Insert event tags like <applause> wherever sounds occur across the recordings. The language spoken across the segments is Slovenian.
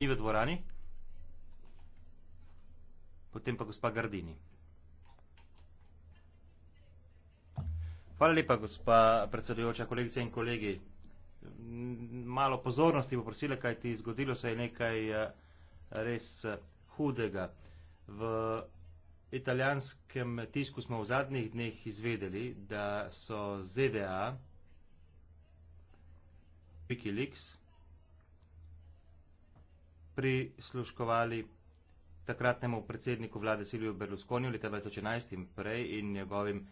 ni v dvorani. Potem pa gospa Gardini. Hvala lepa, gospa predsedujoča, kolegice in kolegi. Malo pozornosti bo prosila, kaj ti zgodilo se je nekaj eh, res eh, hudega. V italijanskem tisku smo v zadnjih dneh izvedeli, da so ZDA, Wikileaks, prisluškovali takratnemu predsedniku vlade Silviju Berlusconiju leta 2011 in prej in njegovim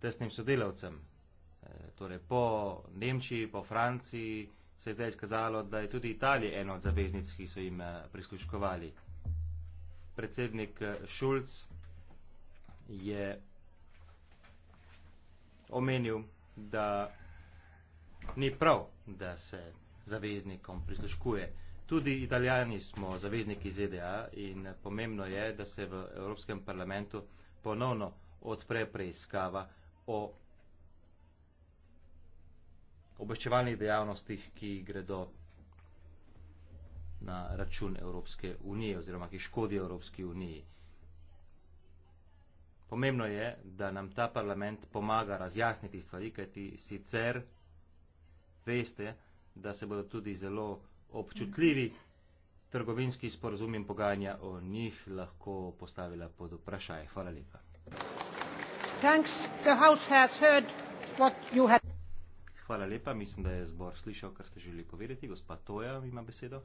tesnim sodelavcem. E, torej, po Nemčiji, po Franciji se je zdaj izkazalo, da je tudi Italija ena od zaveznic, ki so jim e, prisluškovali. Predsednik e, Šulc je omenil, da ni prav, da se zaveznikom prisluškuje. Tudi italijani smo zavezniki ZDA in pomembno je, da se v Evropskem parlamentu ponovno odpre preiskava o obveščevalnih dejavnostih, ki gredo na račun Evropske unije oziroma ki škodijo Evropski uniji. Pomembno je, da nam ta parlament pomaga razjasniti stvari, kajti sicer veste, da se bodo tudi zelo občutljivi trgovinski sporozum in pogajanja o njih lahko postavila pod vprašaj. Hvala lepa. Hvala lepa, mislim, da je zbor slišal, kar ste želeli povedati. Gospa Toja ima besedo.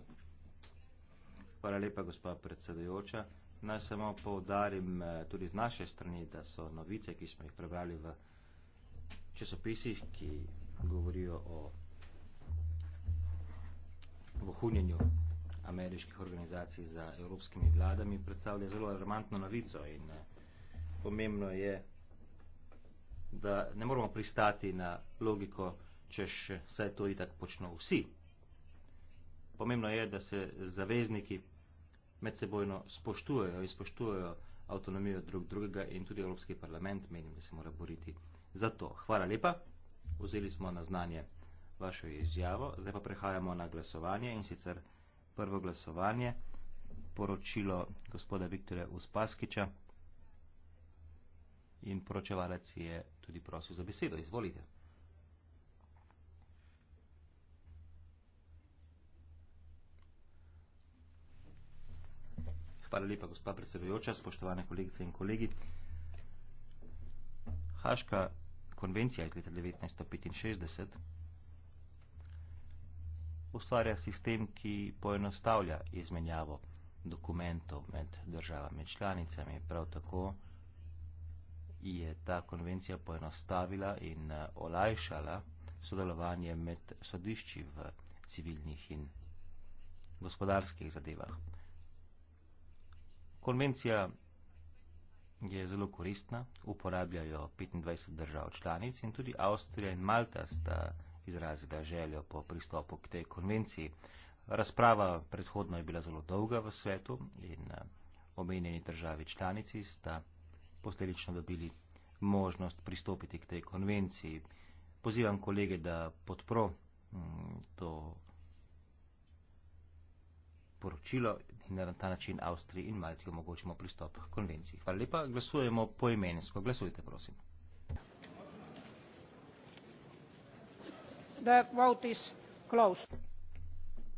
Hvala lepa, gospa predsedajoča. Naj samo poudarim eh, tudi z naše strani, da so novice, ki smo jih prebrali v časopisih, ki govorijo o vohunjenju ameriških organizacij za evropskimi vladami predstavlja zelo alarmantno novico in eh, pomembno je, da ne moramo pristati na logiko, češ vse eh, to itak počno vsi. Pomembno je, da se zavezniki medsebojno spoštujejo in spoštujejo avtonomijo drug drugega in tudi Evropski parlament menim, da se mora boriti za to. Hvala lepa, vzeli smo na znanje vašo izjavo. Zdaj pa prehajamo na glasovanje in sicer prvo glasovanje, poročilo gospoda Viktorja Uspaskiča in poročevalec je tudi prosil za besedo. Izvolite. Hvala lepa, gospa predsedujoča, spoštovane kolegice in kolegi. Haška konvencija iz leta 1965 ustvarja sistem, ki poenostavlja izmenjavo dokumentov med državami članicami. Prav tako je ta konvencija poenostavila in eh, olajšala sodelovanje med sodišči v civilnih in gospodarskih zadevah. Konvencija je zelo koristna, uporabljajo 25 držav članic in tudi Avstrija in Malta sta izrazila željo po pristopu k tej konvenciji. Razprava predhodno je bila zelo dolga v svetu in eh, omenjeni državi članici sta posledično dobili možnost pristopiti k tej konvenciji. Pozivam kolege, da podpro mm, to poročilo in da na ta način Avstriji in Malti omogočimo pristop k konvenciji. Hvala lepa, glasujemo poimensko. Glasujte, prosim. the vote is closed.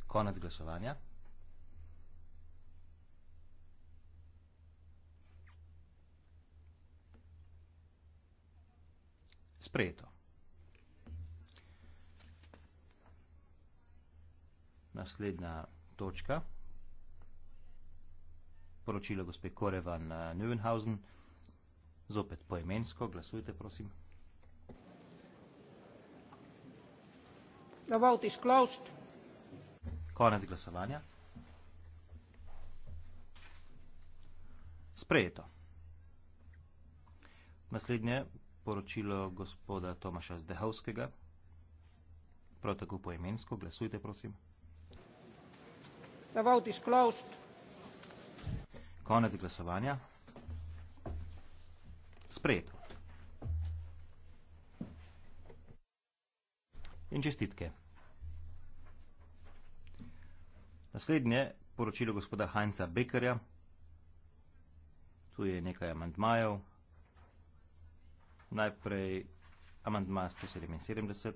Konec glasovanja. Sprejeto. Naslednja točka. Poročilo gospe Korevan eh, Neuenhausen. Zopet poimensko. Glasujte, prosim. The vote is closed. Konec glasovanja. Sprejeto. Naslednje poročilo gospoda Tomaša Zdehovskega. Prav tako poimensko. Glasujte, prosim. The vote is closed. Konec glasovanja. Sprejeto. in čestitke. Naslednje poročilo gospoda Heinza Bekerja. Tu je nekaj amantmajev. Najprej amantma 177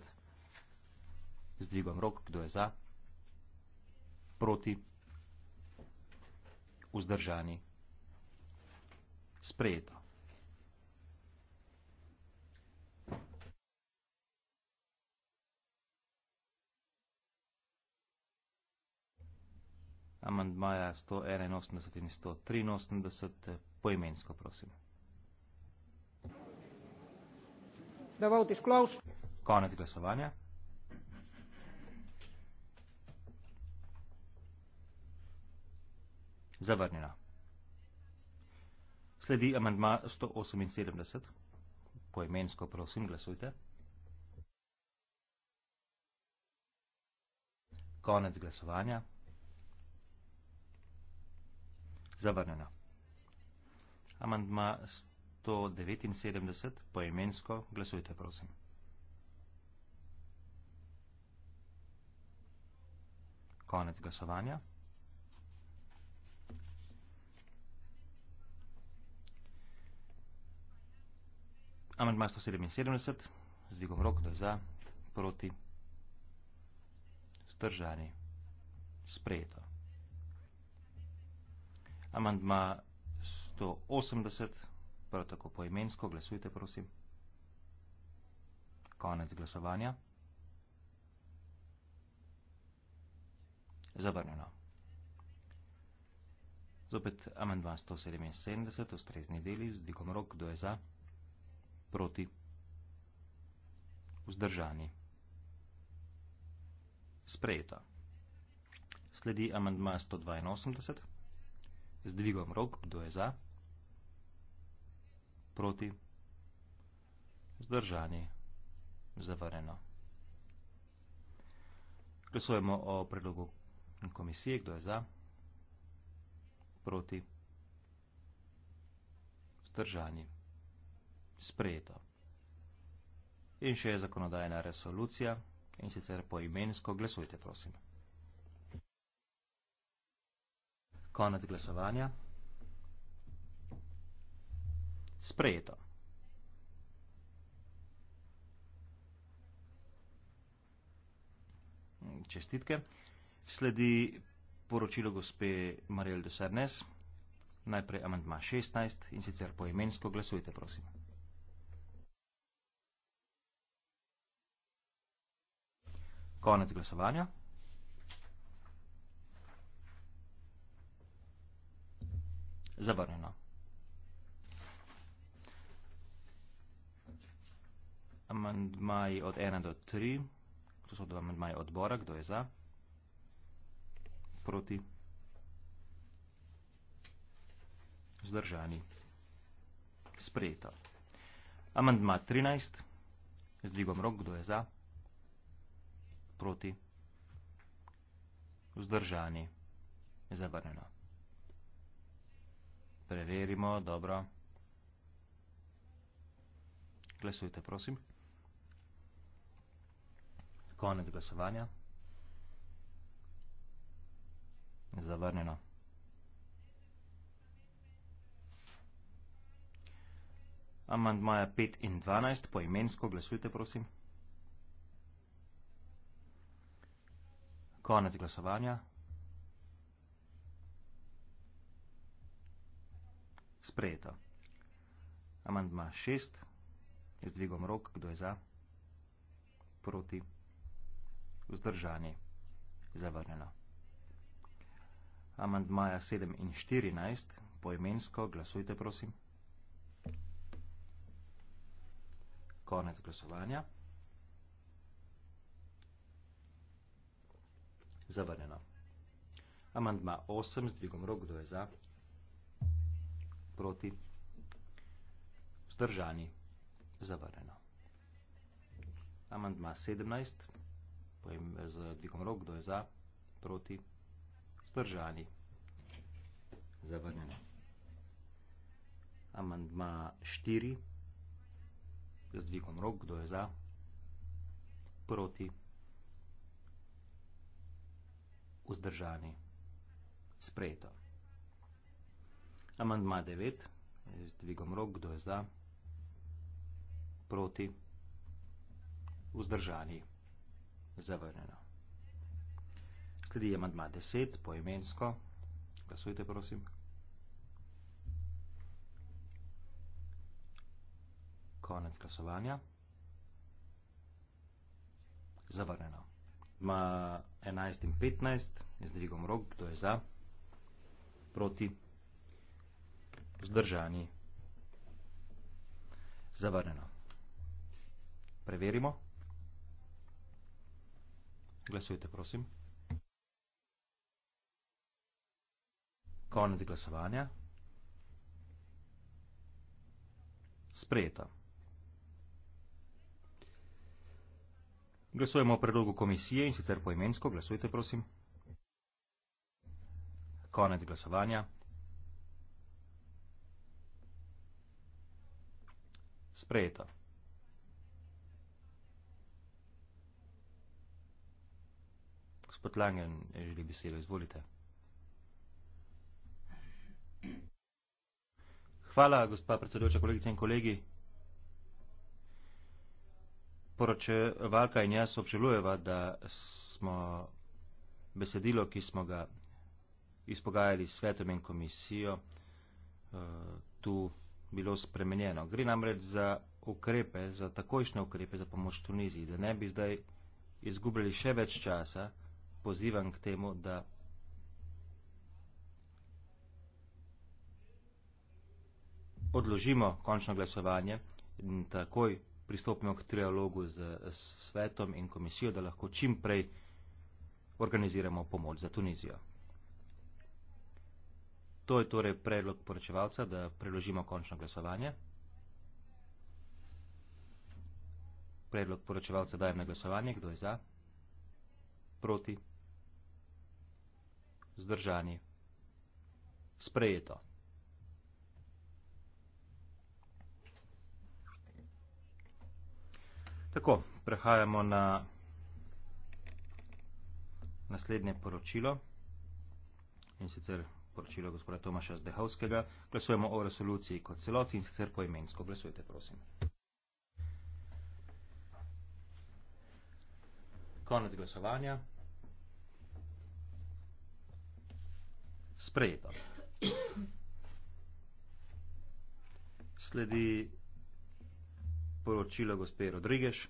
z dvigom rok, kdo je za, proti, vzdržani, sprejeto. amandmaja 181 in 183, eh, poimensko prosim. Da vote is closed. Konec glasovanja. Zavrnjeno. Sledi amandma 178. Poimensko prosim, glasujte. Konec glasovanja zavrnjena. Amandma 179, poimensko, glasujte prosim. Konec glasovanja. Amandma 177, zdigom rok do za, proti, vzdržani, sprejeto. Amandma 180, prav tako poimensko, glasujte prosim. Konec glasovanja. Zabrnjeno. Zopet amandma 177, ustrezni deli, vzdikom rok, kdo je za, proti, vzdržani. Sprejeto. Sledi amandma 182. 182. Z dvigom rok, kdo je za? Proti? Zdržani? Zavareno? Glasujemo o predlogu komisije, kdo je za? Proti? Zdržani? Sprejeto. In še je zakonodajna resolucija, in sicer poimensko glasujte, prosim. Konec glasovanja. Sprejeto. Čestitke. Sledi poročilo gospe Marijel Dosernes. Najprej amantma 16 in sicer poimensko glasujte, prosim. Konec glasovanja. zavrnjeno. Amandmaj od 1 do 3. To so amandmaj odbora. Kdo je za? Proti? Zdržani? Sprejeto. Amandma 13. Z dvigom rok. Kdo je za? Proti? Zdržani? Zavrnjeno. Preverimo, dobro. Glasujte, prosim. Konec glasovanja. Zavrnjeno. Amandmaja 5 in 12, poimensko glasujte, prosim. Konec glasovanja. sprejeto. Amandma šest, jaz dvigom rok, kdo je za, proti, vzdržani, zavrnjeno. Amandmaja 7 in 14, poimensko, glasujte prosim. Konec glasovanja. Zavrnjeno. Amandma 8, z dvigom rok, kdo je za, proti, vzdržani, zavrnjeno proti, vzdržani, zavareno. Amandma 17, pojem z dvigom rok, kdo je za, proti, vzdržani, zavareno. Amandma 4, z dvigom rok, kdo je za, proti, vzdržani, sprejeto. Amandma 9, dvigom rok, kdo je za, proti, vzdržani, zavrnjeno. Sledi amandma 10, poimensko, glasujte prosim. Konec glasovanja. Zavrneno. Ma 11 in 15, z dvigom rok, kdo je za, proti, vzdržani vzdržani. Zavrneno. Preverimo. Glasujte, prosim. Konec glasovanja. Sprejeto. Glasujemo o predlogu komisije in sicer poimensko. Glasujte, prosim. Konec glasovanja. sprejeta. Gospod Langen, želi besedo, izvolite. Hvala, gospa predsedujoča, kolegice in kolegi. Poroče Valka in jaz obžalujeva, da smo besedilo, ki smo ga izpogajali s svetom in komisijo, eh, tu bilo spremenjeno. Gre namreč za ukrepe, za takojšnje ukrepe za pomoč Tuniziji, da ne bi zdaj izgubljali še več časa, pozivam k temu, da odložimo končno glasovanje in takoj pristopimo k trialogu z svetom in komisijo, da lahko čim prej organiziramo pomoč za Tunizijo. To je torej predlog poročevalca, da preložimo končno glasovanje. Predlog poročevalca dajem na glasovanje. Kdo je za? Proti? Zdržani? Sprejeto. Tako, prehajamo na naslednje poročilo in sicer poročilo gospoda Tomaša Zdehovskega, glasujemo o resoluciji kot celoti in sicer poimensko. Glasujte, prosim. Konec glasovanja. Sprejeto. Sledi poročilo gospe Rodrigež.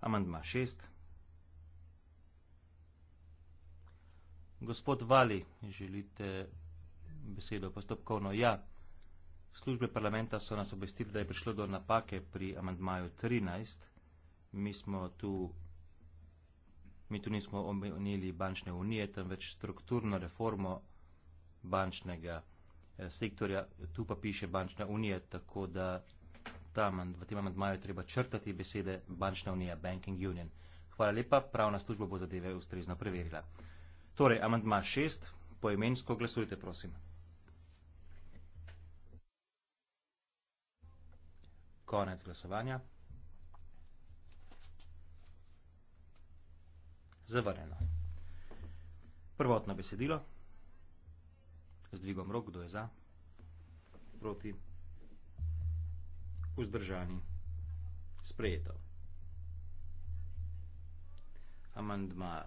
Amandma 6. Gospod Vali, želite besedo postopkovno? Ja. Službe parlamenta so nas obvestili, da je prišlo do napake pri amandmaju 13. Mi smo tu, mi tu nismo omenili bančne unije, temveč strukturno reformo bančnega eh, sektorja. Tu pa piše bančna unija, tako da tam, v tem amandmaju treba črtati besede bančna unija, banking union. Hvala lepa, pravna služba bo zadeve ustrezno preverila. Torej, amandma šest, poimensko glasujte, prosim. Konec glasovanja. Zavrjeno. Prvotno besedilo. Z dvigom rok, kdo je za? Proti. Vzdržani. Sprejeto. Amandma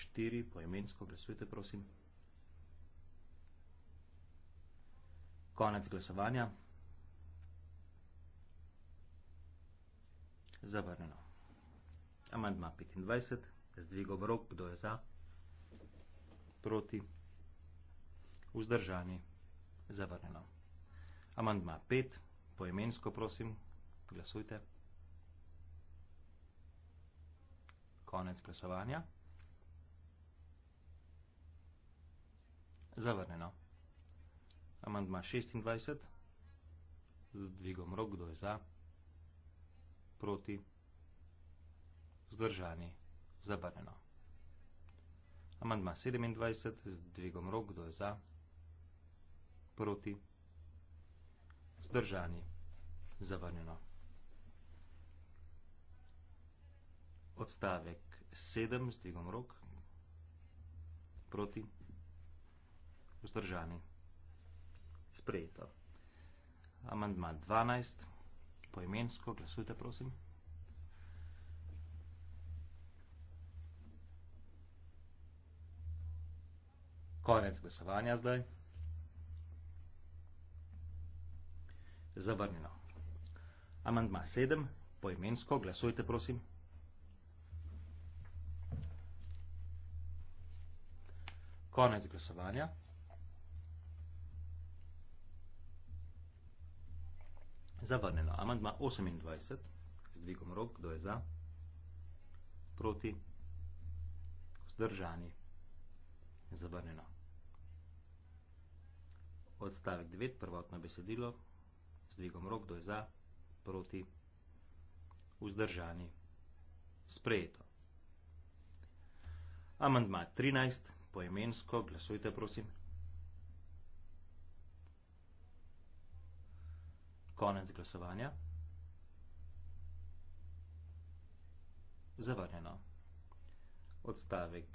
štiri poimensko glasujte, prosim. Konec glasovanja. Zavrneno. Amandma 25. Zdvigo brok, kdo je za? Proti. Vzdržani. Zavrneno. Amandma 5. Poimensko, prosim. Glasujte. Konec glasovanja. Zavrnjeno. Amandma 26. Z dvigom rok, kdo je za? Proti. Zdržani. Zavrnjeno. Amandma 27. Z dvigom rok, kdo je za? Proti. Zdržani. Zavrnjeno. Odstavek 7 z dvigom rok. Proti. Zdržani vzdržani. Sprejeto. Amandma 12. Poimensko, glasujte prosim. Konec glasovanja zdaj. Zavrnjeno. Amandma 7. Poimensko, glasujte prosim. Konec glasovanja. zavrnjeno. Amandma 28, z dvigom rok, kdo je za? Proti? Zdržani? Zavrnjeno. Odstavek 9, prvotno besedilo, z dvigom rok, kdo je za? Proti? Vzdržani? Sprejeto. Amandma 13, poimensko, glasujte prosim. Konec glasovanja. Zavrnjeno. Odstavek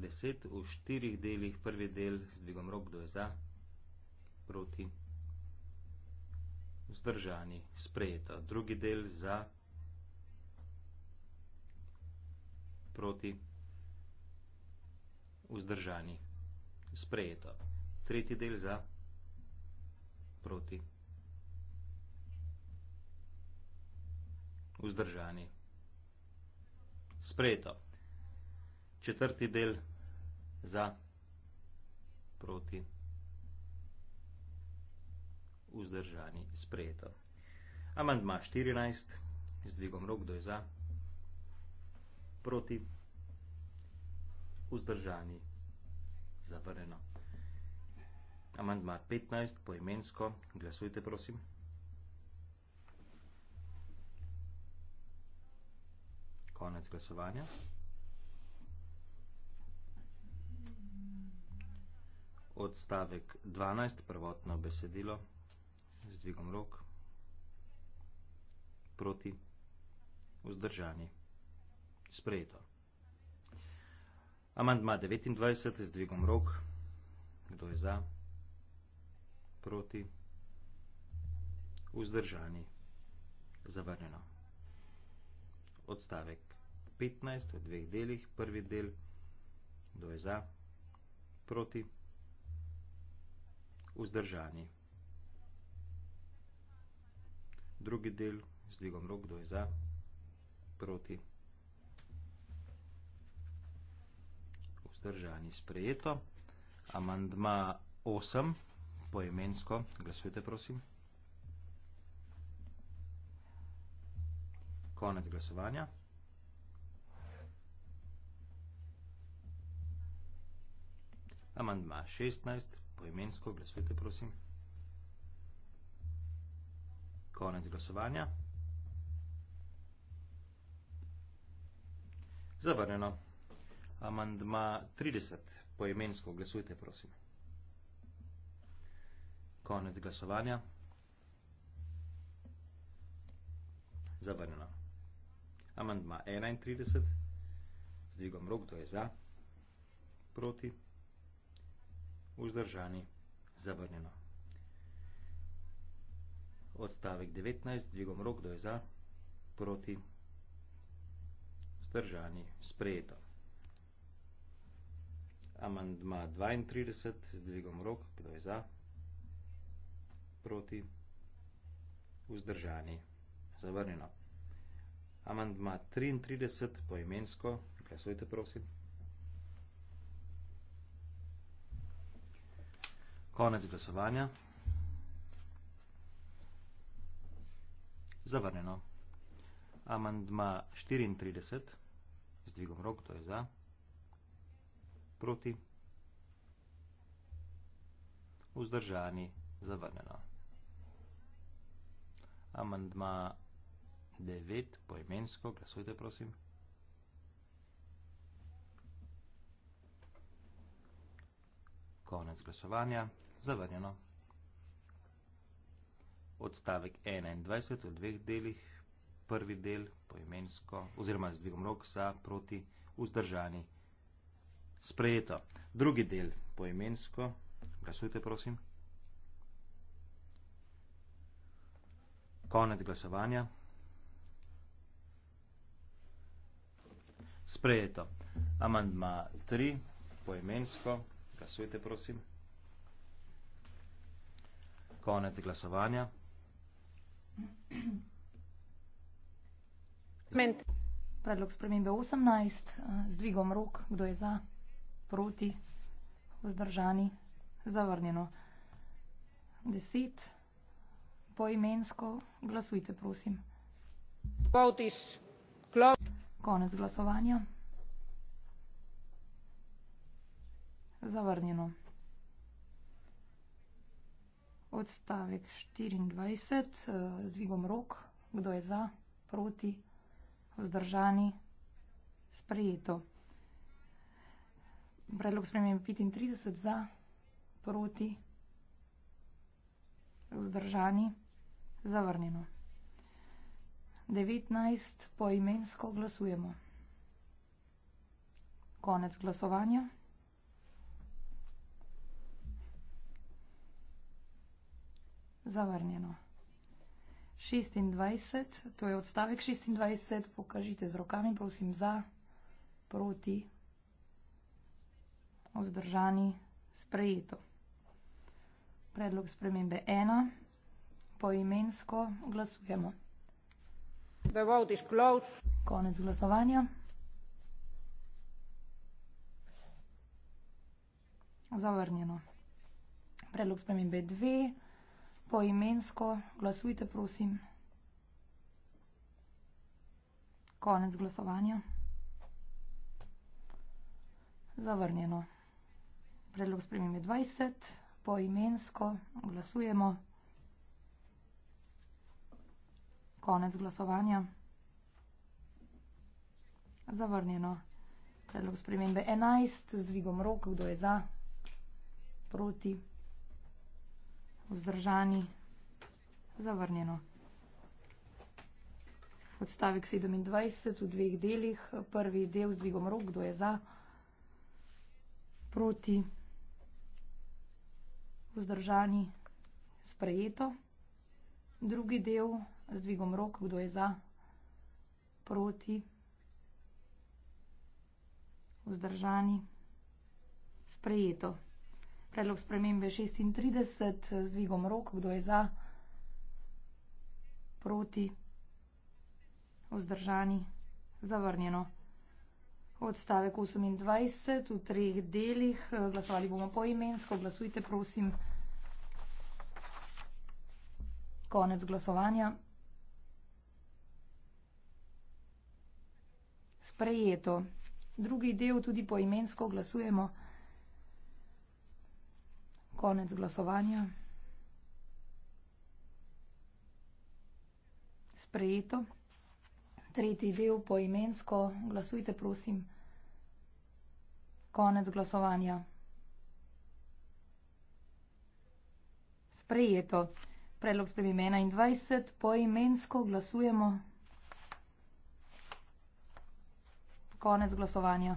10 v štirih delih, prvi del z dvigom rok, kdo je za, proti, vzdržani, sprejeto, drugi del za, proti, vzdržani, sprejeto, tretji del za, proti. vzdržani. Sprejeto. Četrti del za proti vzdržani. Sprejeto. Amandma 14 z dvigom rok do je za proti vzdržani. Zavrneno. Amandma 15 poimensko. Glasujte prosim. konec glasovanja. Odstavek 12, prvotno besedilo, z dvigom rok, proti, vzdržani, sprejeto. Amandma 29, z dvigom rok, kdo je za, proti, vzdržani, zavrnjeno. Odstavek 15 v dveh delih, prvi del, kdo je za, proti, vzdržani. Drugi del, z dvigom rok, kdo je za, proti, vzdržani. Sprejeto, amandma 8, poemensko, glasujte prosim. Konec glasovanja. Amandma 16, poimensko glasujte, prosim. Konec glasovanja. Zavrnjeno. Amandma 30, poimensko glasujte, prosim. Konec glasovanja. Zavrnjeno. Amandma 31, z dvigom rok, to je za, proti vzdržani, zavrnjeno. Odstavek 19, dvigom rok, do je za, proti, vzdržani, sprejeto. Amandma 32, dvigom rok, kdo je za, proti, vzdržani, zavrnjeno. Amandma 33, poimensko, glasujte prosim. Konec glasovanja. Zavrneno. Amandma 34, z dvigom rok, to je za, proti, vzdržani, zavrneno. Amandma 9, poimensko, glasujte prosim. konec glasovanja, zavrnjeno. Odstavek 21 v dveh delih, prvi del poimensko, oziroma z dvigom rok za proti vzdržani. Sprejeto. Drugi del poimensko, glasujte prosim. Konec glasovanja. Sprejeto. Amandma 3 poimensko. Glasujte, prosim. Konec glasovanja. Sprement. Predlog spremembe 18, eh, z dvigom rok, kdo je za, proti, vzdržani, zavrnjeno. 10, poimensko, glasujte, prosim. Konec glasovanja. zavrnjeno. Odstavek 24, eh, z dvigom rok, kdo je za, proti, vzdržani, sprejeto. Predlog spremem 35 za, proti, vzdržani, zavrnjeno. 19 poimensko glasujemo. Konec glasovanja. zavrnjeno. 26, to je odstavek 26, pokažite z rokami, prosim, za, proti, vzdržani, sprejeto. Predlog spremembe 1, poimensko glasujemo. The vote is closed. Konec glasovanja. Zavrnjeno. Predlog spremembe 2 poimensko, glasujte prosim. Konec glasovanja. Zavrnjeno. Predlog spremembe 20. Poimensko glasujemo. Konec glasovanja. Zavrnjeno. Predlog spremembe 11. Zdvigom rok. Kdo je za? Proti vzdržani, zavrnjeno. Odstavek 27 v dveh delih. Prvi del z dvigom rok, kdo je za, proti, vzdržani, sprejeto. Drugi del z dvigom rok, kdo je za, proti, vzdržani, sprejeto. Predlog spremembe 36 z dvigom rok, kdo je za, proti, vzdržani, zavrnjeno. Odstavek 28 v treh delih, glasovali bomo poimensko, glasujte prosim. Konec glasovanja. Sprejeto. Drugi del tudi poimensko glasujemo. Konec glasovanja. Sprejeto. Tretji del poimensko. Glasujte, prosim. Konec glasovanja. Sprejeto. Predlog spremembe 21. Poimensko glasujemo. Konec glasovanja.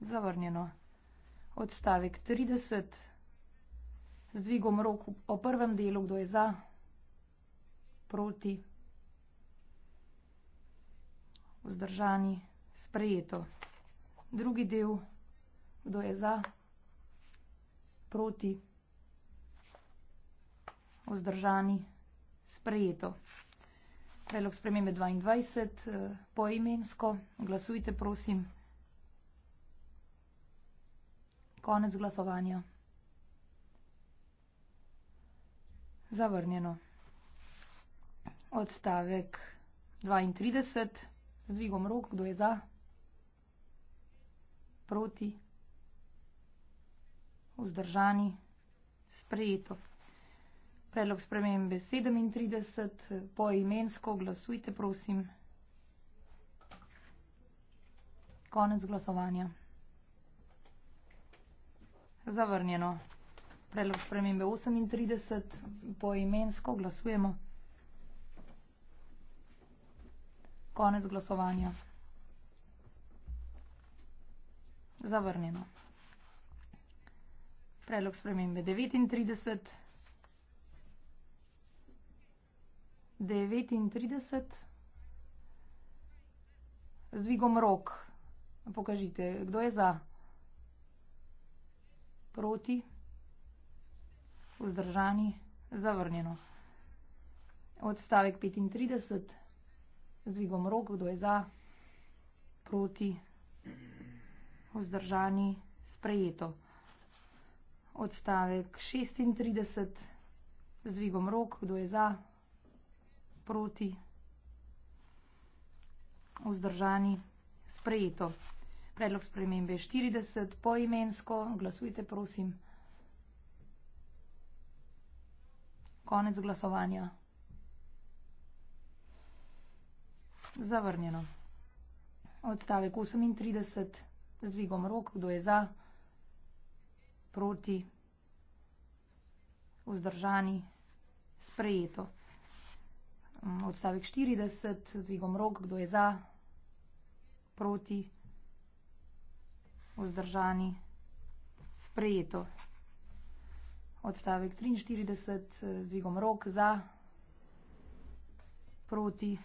Zavrnjeno odstavek 30 z dvigom rok o prvem delu, kdo je za, proti, vzdržani, sprejeto. Drugi del, kdo je za, proti, vzdržani, sprejeto. Predlog spremembe 22, eh, poimensko, glasujte prosim. Konec glasovanja. Zavrnjeno. Odstavek 32. Z dvigom rok, kdo je za? Proti? Vzdržani? Sprejeto. Predlog spremembe 37. Poimensko glasujte, prosim. Konec glasovanja. Zavrnjeno. Predlog spremembe 38, poimensko glasujemo. Konec glasovanja. Zavrnjeno. Predlog spremembe 39, 39, z dvigom rok. Pokažite, kdo je za proti, vzdržani, zavrnjeno. Odstavek 35, z dvigom rok, kdo je za, proti, vzdržani, sprejeto. Odstavek 36, z dvigom rok, kdo je za, proti, vzdržani, sprejeto. Predlog spremembe 40 poimensko. Glasujte, prosim. Konec glasovanja. Zavrnjeno. Odstavek 38 z dvigom rok. Kdo je za? Proti? Vzdržani? Sprejeto. Odstavek 40 z dvigom rok. Kdo je za? Proti? Vzdržani? vzdržani, sprejeto. Odstavek 43 eh, z dvigom rok za, proti,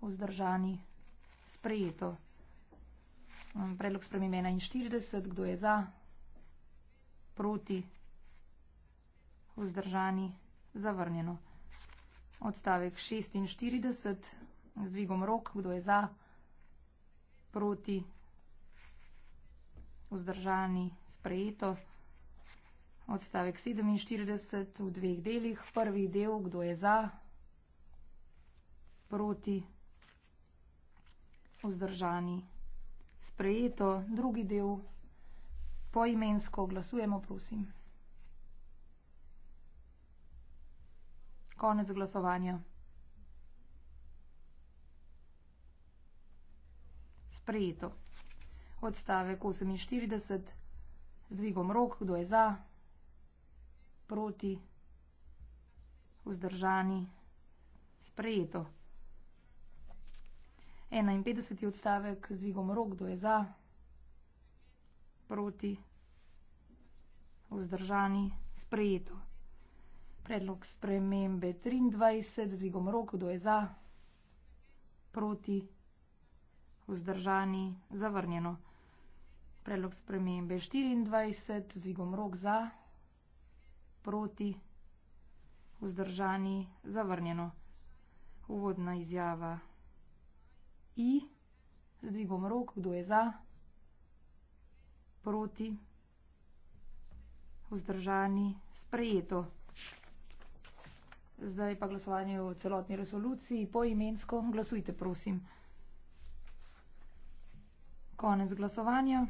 vzdržani, sprejeto. Mm, predlog spremembe 41, kdo je za, proti, vzdržani, zavrnjeno. Odstavek 46 z dvigom rok, kdo je za, proti, vzdržani, sprejeto vzdržani, sprejeto. Odstavek 47 v dveh delih. Prvi del, kdo je za, proti, vzdržani, sprejeto. Drugi del, poimensko, glasujemo, prosim. Konec glasovanja. Sprejeto odstavek 48, z dvigom rok, kdo je za, proti, vzdržani, sprejeto. 51. odstavek z dvigom rok, kdo je za, proti, vzdržani, sprejeto. Predlog spremembe 23, z dvigom rok, kdo je za, proti, vzdržani, zavrnjeno. Predlog spremembe 24, zvigom rok za, proti, vzdržani, zavrnjeno. Uvodna izjava I, zvigom rok, kdo je za, proti, vzdržani, sprejeto. Zdaj pa glasovanje o celotni resoluciji poimensko. Glasujte, prosim. Konec glasovanja.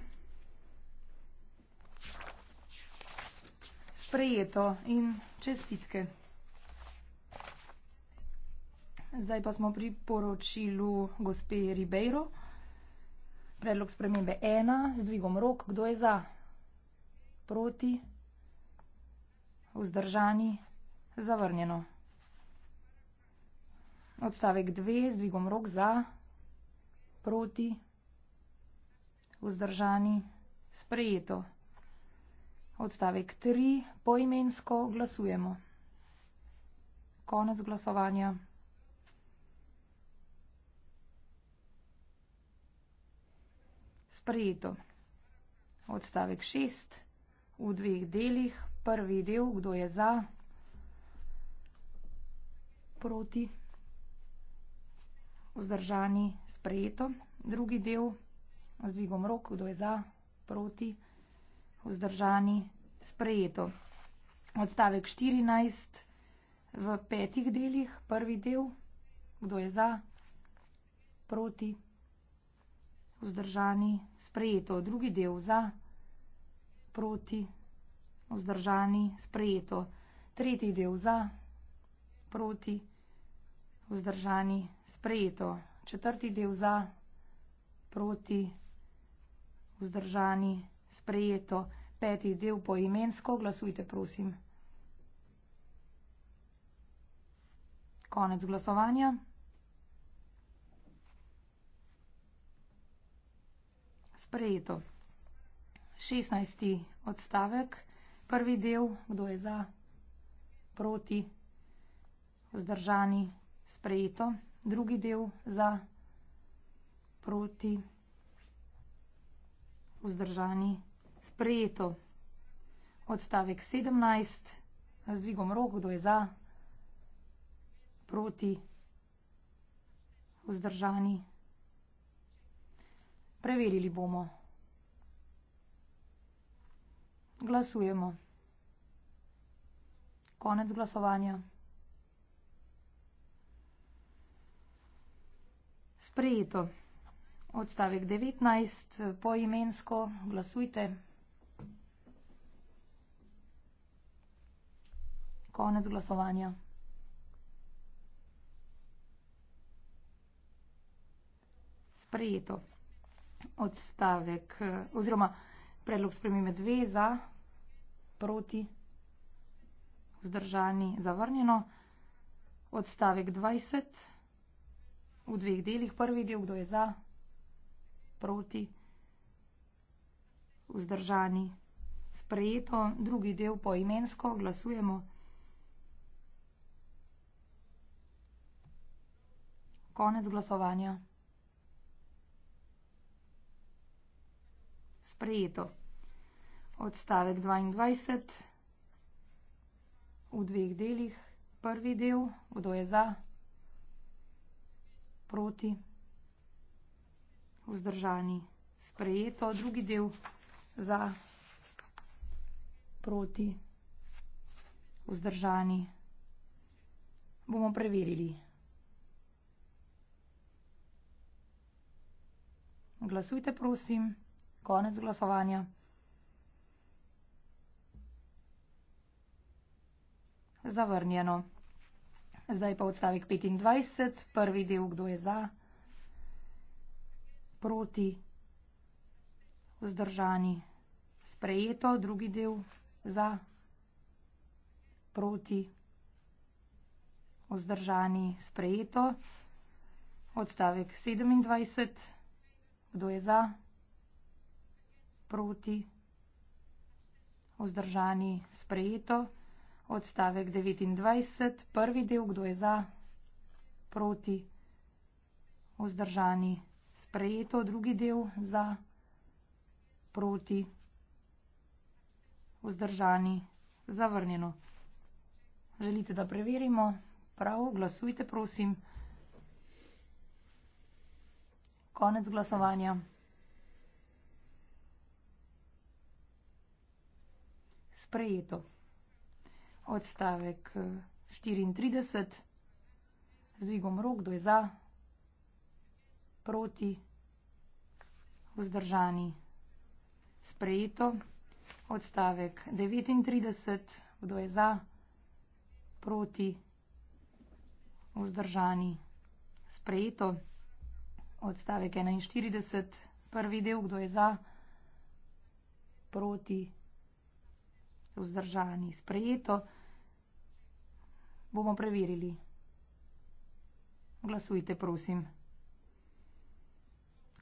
sprejeto in čestitke. Zdaj pa smo pri poročilu gospe Ribeiro. Predlog spremembe 1 z dvigom rok. Kdo je za? Proti? Vzdržani? Zavrnjeno. Odstavek 2 z dvigom rok za? Proti? Vzdržani? Sprejeto. Odstavek 3. Poimensko glasujemo. Konec glasovanja. Sprejeto. Odstavek 6. V dveh delih. Prvi del, kdo je za, proti, vzdržani, sprejeto. Drugi del, z dvigom rok, kdo je za, proti vzdržani, sprejeto. Odstavek 14 v petih delih, prvi del, kdo je za, proti, vzdržani, sprejeto. Drugi del za, proti, vzdržani, sprejeto. Tretji del za, proti, vzdržani, sprejeto. Četrti del za, proti, vzdržani, sprejeto peti del po imensko, glasujte prosim. Konec glasovanja. Sprejeto. 16. odstavek, prvi del, kdo je za, proti, vzdržani, sprejeto. Drugi del za, proti, vzdržani, sprejeto sprejeto. Odstavek 17. Z dvigom rok, kdo je za, proti, vzdržani. Preverili bomo. Glasujemo. Konec glasovanja. Sprejeto. Odstavek 19. Poimensko glasujte. Konec glasovanja. Sprejeto. Odstavek eh, oziroma predlog spremembe dve za, proti, vzdržani, zavrnjeno. Odstavek 20 v dveh delih. Prvi del, kdo je za, proti, vzdržani, sprejeto. Drugi del poimensko glasujemo. Konec glasovanja. Sprejeto. Odstavek 22 v dveh delih. Prvi del, kdo je za, proti, vzdržani, sprejeto. Drugi del, za, proti, vzdržani, bomo preverili. Glasujte, prosim. Konec glasovanja. Zavrnjeno. Zdaj pa odstavek 25, prvi del, kdo je za, proti, vzdržani, sprejeto, drugi del, za, proti, vzdržani, sprejeto, odstavek 27. Kdo je za? Proti? Vzdržani sprejeto. Odstavek 29. Prvi del. Kdo je za? Proti? Vzdržani sprejeto. Drugi del. Za? Proti? Vzdržani zavrnjeno. Želite, da preverimo? Prav, glasujte, prosim. Konec glasovanja. Sprejeto. Odstavek 34. Eh, Zdvigom rok, kdo je za, proti, vzdržani. Sprejeto. Odstavek 39. Kdo je za, proti, vzdržani. Sprejeto odstavek 41, prvi del, kdo je za, proti, vzdržani, sprejeto. Bomo preverili. Glasujte, prosim.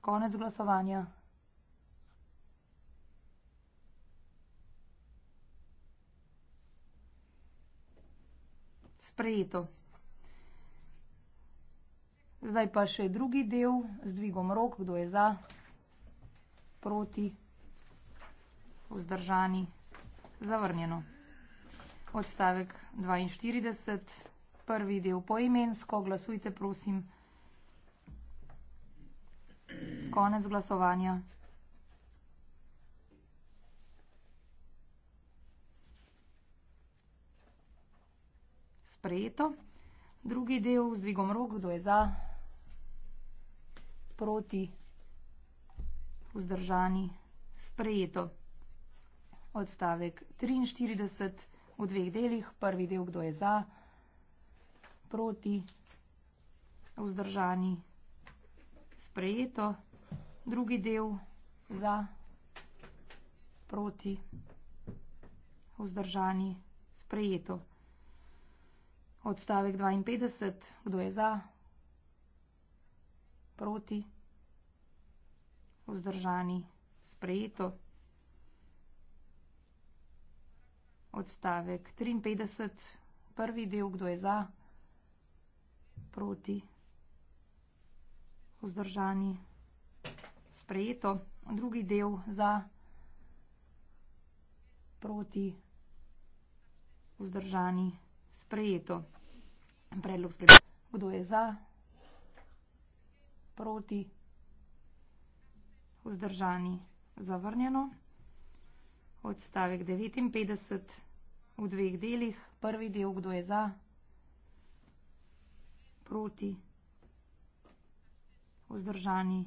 Konec glasovanja. Sprejeto. Zdaj pa še drugi del z dvigom rok, kdo je za, proti, vzdržani, zavrnjeno. Odstavek 42, prvi del poimensko, glasujte prosim. Konec glasovanja. Sprejeto. Drugi del z dvigom rok, kdo je za, proti, vzdržani, sprejeto. Odstavek 43 v dveh delih, prvi del, kdo je za, proti, vzdržani, sprejeto, drugi del, za, proti, vzdržani, sprejeto. Odstavek 52, kdo je za, proti, vzdržani, sprejeto. Odstavek 53, prvi del, kdo je za, proti, vzdržani, sprejeto. Drugi del za, proti, vzdržani, sprejeto. Predlog sprejeto. Kdo je za? proti, vzdržani, zavrnjeno. Odstavek 59 v dveh delih. Prvi del, kdo je za, proti, vzdržani,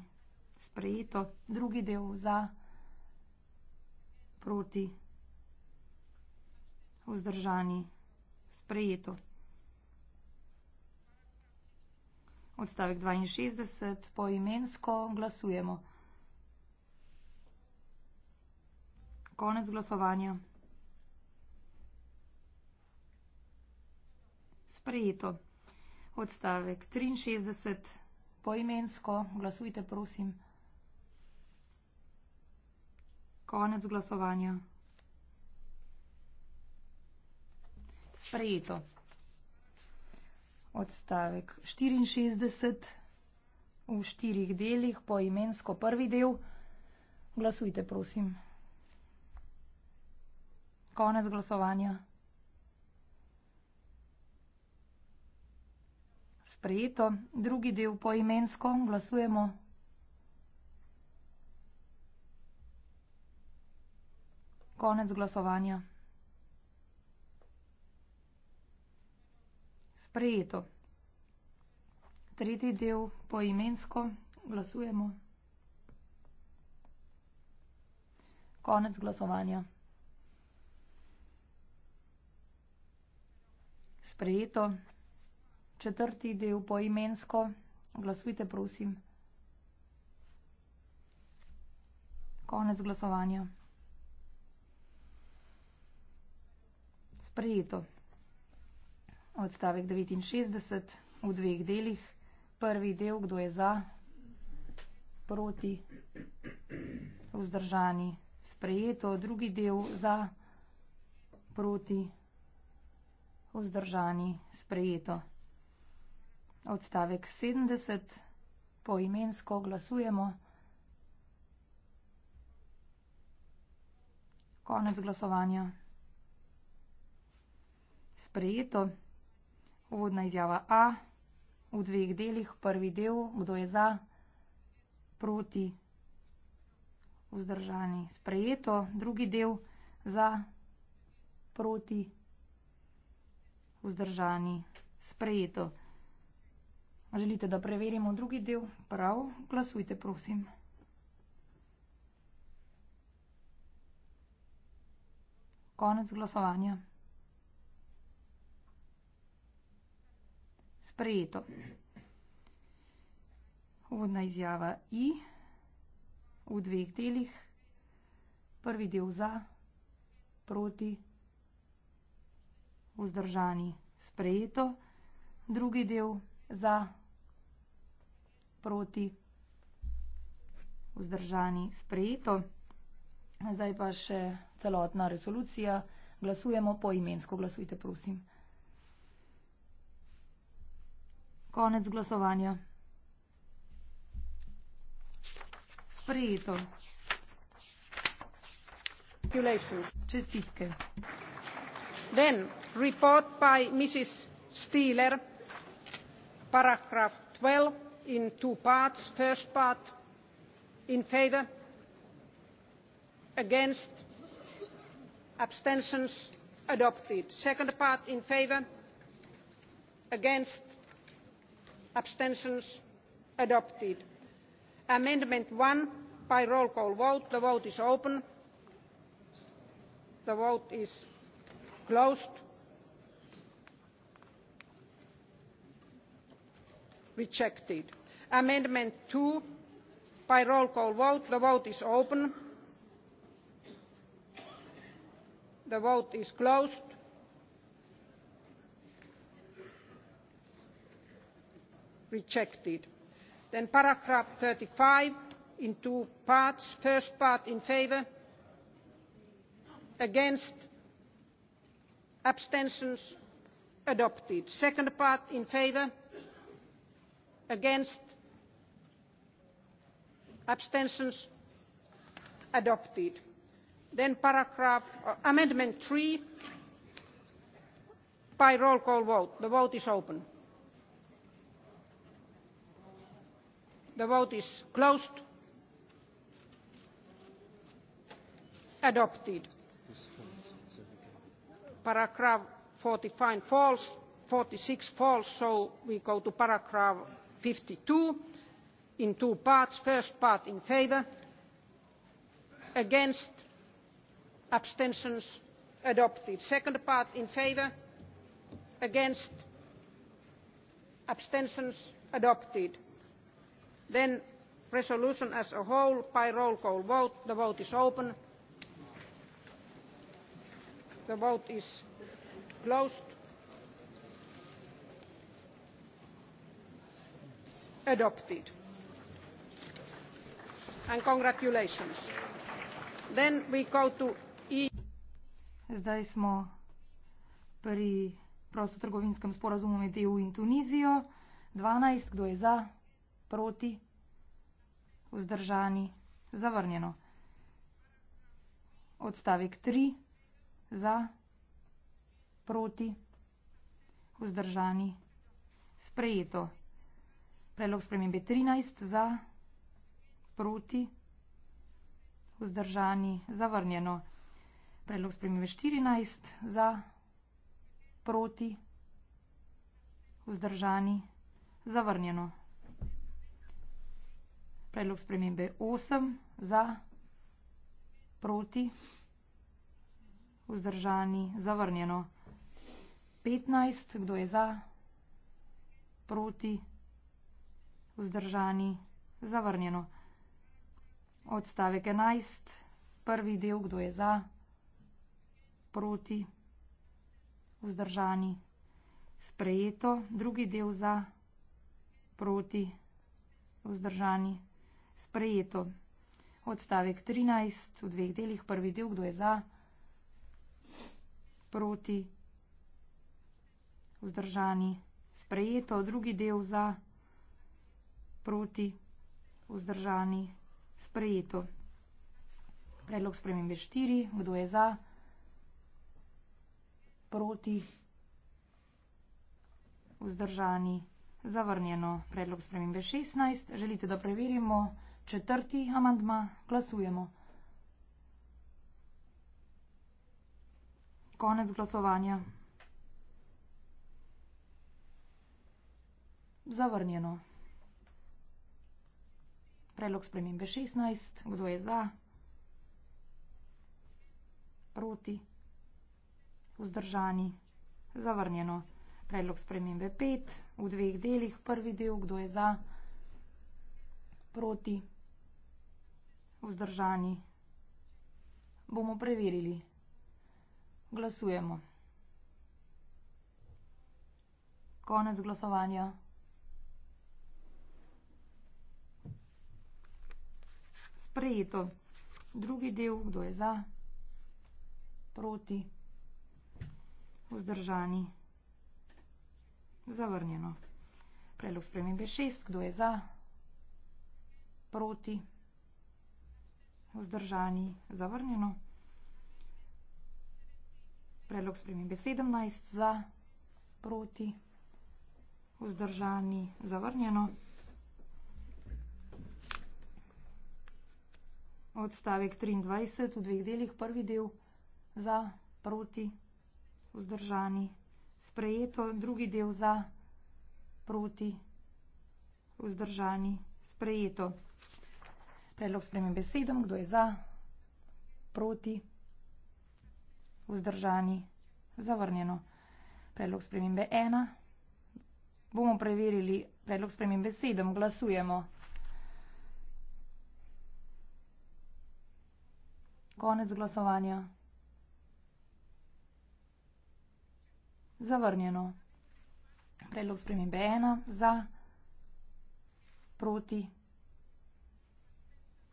sprejeto. Drugi del za, proti, vzdržani, sprejeto. Odstavek 62. Poimensko glasujemo. Konec glasovanja. Sprejeto. Odstavek 63. Poimensko glasujte, prosim. Konec glasovanja. Sprejeto odstavek 64 v štirih delih, poimensko prvi del. Glasujte, prosim. Konec glasovanja. Sprejeto. Drugi del poimensko. Glasujemo. Konec glasovanja. sprejeto. Tretji del poimensko glasujemo. Konec glasovanja. Sprejeto. Četrti del poimensko. Glasujte, prosim. Konec glasovanja. Sprejeto odstavek 69 v dveh delih. Prvi del, kdo je za, proti, vzdržani, sprejeto. Drugi del, za, proti, vzdržani, sprejeto. Odstavek 70, poimensko glasujemo. Konec glasovanja. Sprejeto. Uvodna izjava A v dveh delih. Prvi del, kdo je za, proti, vzdržani, sprejeto. Drugi del, za, proti, vzdržani, sprejeto. Želite, da preverimo drugi del? Prav, glasujte, prosim. Konec glasovanja. sprejeto. Uvodna izjava I v dveh delih. Prvi del za, proti, vzdržani, sprejeto. Drugi del za, proti, vzdržani, sprejeto. Zdaj pa še celotna resolucija. Glasujemo po imensko. Glasujte, prosim. Konec glasovanja. Sprejeto. Čestitke. Then report by Mrs. Steeler, paragraph 12 in two parts. First part in favor, against, abstentions adopted. Second part in favor, against, abstentions adopted. amendment one by roll call vote the vote is open the vote is closed rejected. amendment two by roll call vote the vote is open the vote is closed rejected. then paragraph thirty five in two parts first part in favour against abstentions adopted. second part in favour against abstentions adopted. then paragraph uh, amendment three by roll call vote. the vote is open. the vote is closed. adopted. paragraph forty five falls forty six falls so we go to paragraph fifty two in two parts first part in favour against abstentions adopted second part in favour against abstentions adopted then the resolution as a whole by roll call vote. the vote is open. the vote is closed. adopted. and congratulations. then we go to e. Zdaj smo pri prostotrgovinskem sporazumu med EU in Tunizijo. 12, kdo je za? proti, vzdržani, zavrnjeno. Odstavek 3, za, proti, vzdržani, sprejeto. Predlog spremembe 13, za, proti, vzdržani, zavrnjeno. Predlog spremembe 14, za, proti, vzdržani, zavrnjeno. Predlog spremembe 8 za, proti, vzdržani, zavrnjeno. 15, kdo je za, proti, vzdržani, zavrnjeno. Odstavek 11, prvi del, kdo je za, proti, vzdržani, sprejeto, drugi del za, proti, vzdržani, zavrnjeno sprejeto. Odstavek 13 v dveh delih, prvi del, kdo je za, proti, vzdržani, sprejeto, drugi del za, proti, vzdržani, sprejeto. Predlog spremembe 4, kdo je za, proti, vzdržani, zavrnjeno. Predlog spremembe 16, želite, da preverimo. Četrti amandma. Glasujemo. Konec glasovanja. Zavrnjeno. Predlog spremembe 16. Kdo je za? Proti? Vzdržani? Zavrnjeno. Predlog spremembe 5. V dveh delih. Prvi del. Kdo je za? Proti? Proti? vzdržani? Bomo preverili. Glasujemo. Konec glasovanja. Sprejeto. Drugi del, kdo je za, proti, vzdržani, zavrnjeno. Predlog spremembe 6, kdo je za, proti, vzdržani vzdržani, zavrnjeno. Predlog spremembe 17 za, proti, vzdržani, zavrnjeno. Odstavek 23 v dveh delih, prvi del za, proti, vzdržani, sprejeto, drugi del za, proti, vzdržani, sprejeto. Predlog spremem besedom, kdo je za, proti, vzdržani, zavrnjeno. Predlog spremem be ena. Bomo preverili predlog spremem besedom, glasujemo. Konec glasovanja. Zavrnjeno. Predlog spremem be ena, za, proti, vzdržani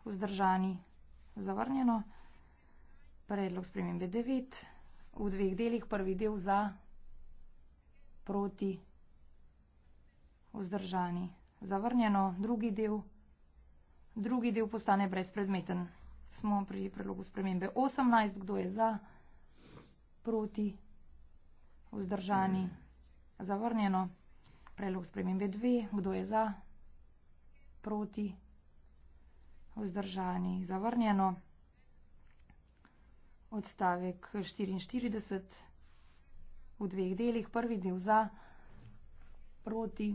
vzdržani, zavrnjeno. Predlog spremembe 9 v dveh delih, prvi del za, proti, vzdržani, zavrnjeno, drugi del, drugi del postane brezpredmeten. Smo pri predlogu spremembe 18, kdo je za, proti, vzdržani, zavrnjeno. Predlog spremembe 2, kdo je za, proti, vzdržani vzdržani, zavrnjeno. Odstavek 44 v dveh delih, prvi del za, proti,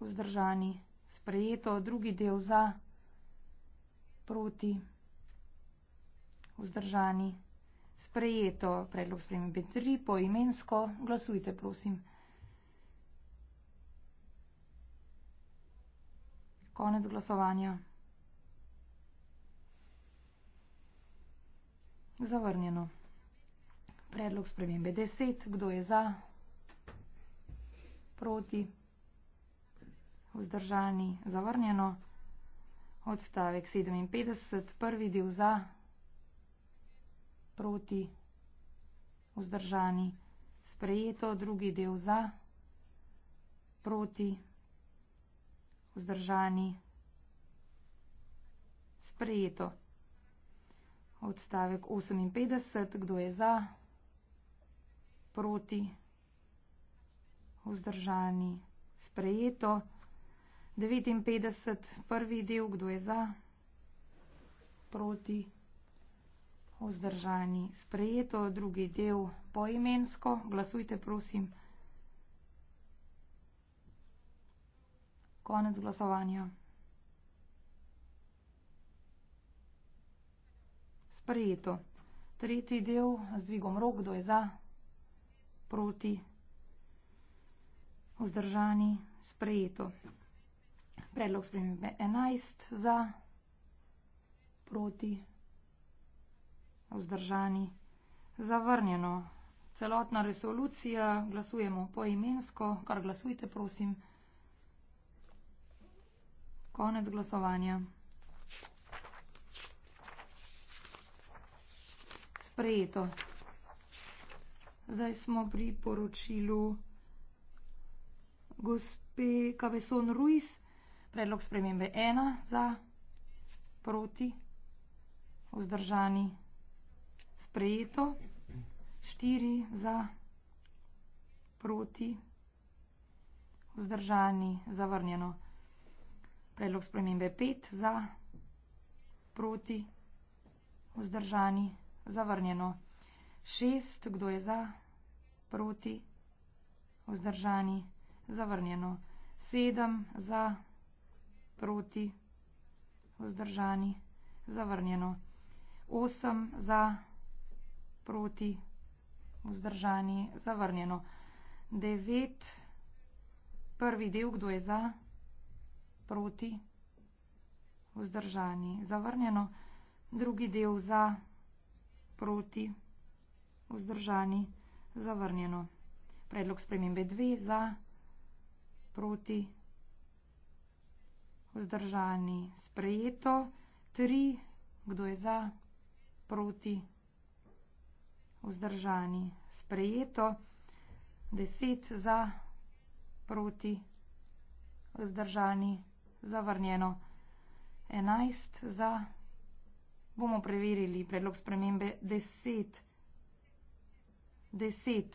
vzdržani, sprejeto, drugi del za, proti, vzdržani, sprejeto, predlog spremembe 3, poimensko, glasujte prosim. Konec glasovanja. Zavrnjeno. Predlog spremembe 10. Kdo je za? Proti? Vzdržani? Zavrnjeno. Odstavek 57. Prvi del za? Proti? Vzdržani? Sprejeto. Drugi del za? Proti? Vzdržani? vzdržani, sprejeto. Odstavek 58, kdo je za, proti, vzdržani, sprejeto. 59, prvi del, kdo je za, proti, vzdržani, sprejeto. Drugi del, poimensko, glasujte prosim. Konec glasovanja. Sprejeto. Tretji del z dvigom rok, kdo je za, proti, vzdržani, sprejeto. Predlog spremembe 11 za, proti, vzdržani, zavrnjeno. Celotna resolucija, glasujemo poimensko, kar glasujte, prosim. Konec glasovanja. Sprejeto. Zdaj smo pri poročilu gospe Kaveson Ruiz. Predlog spremembe 1 za, proti, vzdržani, sprejeto, 4 za, proti, vzdržani, zavrnjeno predlog spremembe 5 za, proti, vzdržani, zavrnjeno. 6, kdo je za, proti, vzdržani, zavrnjeno. 7, za, proti, vzdržani, zavrnjeno. 8, za, proti, vzdržani, zavrnjeno. 9, prvi del, kdo je za, proti, vzdržani, zavrnjeno proti, vzdržani, zavrnjeno, drugi del za, proti, vzdržani, zavrnjeno. Predlog spremembe dve za, proti, vzdržani, sprejeto, tri, kdo je za, proti, vzdržani, sprejeto, deset za, proti, vzdržani, sprejeto zavrnjeno. 11 za. Bomo preverili predlog spremembe. 10. 10.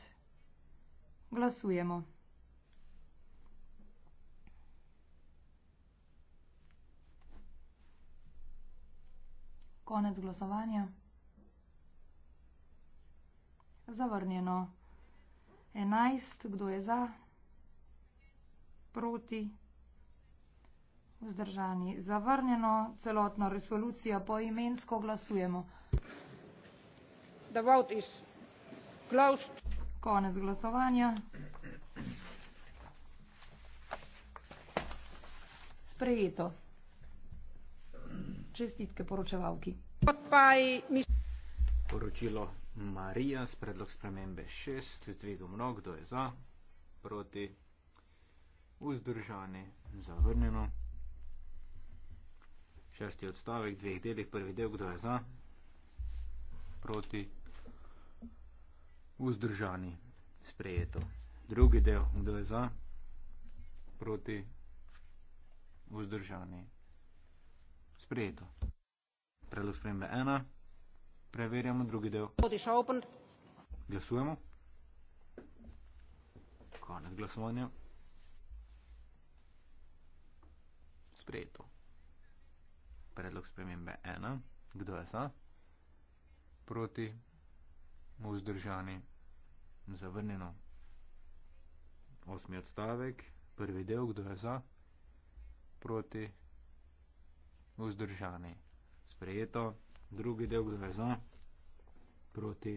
Glasujemo. Konec glasovanja. Zavrnjeno. 11. Kdo je za? Proti. Vzdržani zavrnjeno, celotno resolucijo poimensko glasujemo. Konec glasovanja. Sprejeto. Čestitke poročevalki. Poročilo Marija s predlog spremembe 6. Zvedo mnogo, kdo je za, proti, vzdržani, zavrnjeno šesti odstavek, dveh delih, prvi del, kdo je za, proti, vzdržani, sprejeto. Drugi del, kdo je za, proti, vzdržani, sprejeto. Predlog spremembe ena, preverjamo drugi del. Glasujemo. Konec glasovanja. Sprejeto predlog spremembe 1. Kdo je za? Proti, vzdržani, zavrnjeno. Osmi odstavek, prvi del, kdo je za? Proti, vzdržani, sprejeto. Drugi del, kdo je za? Proti,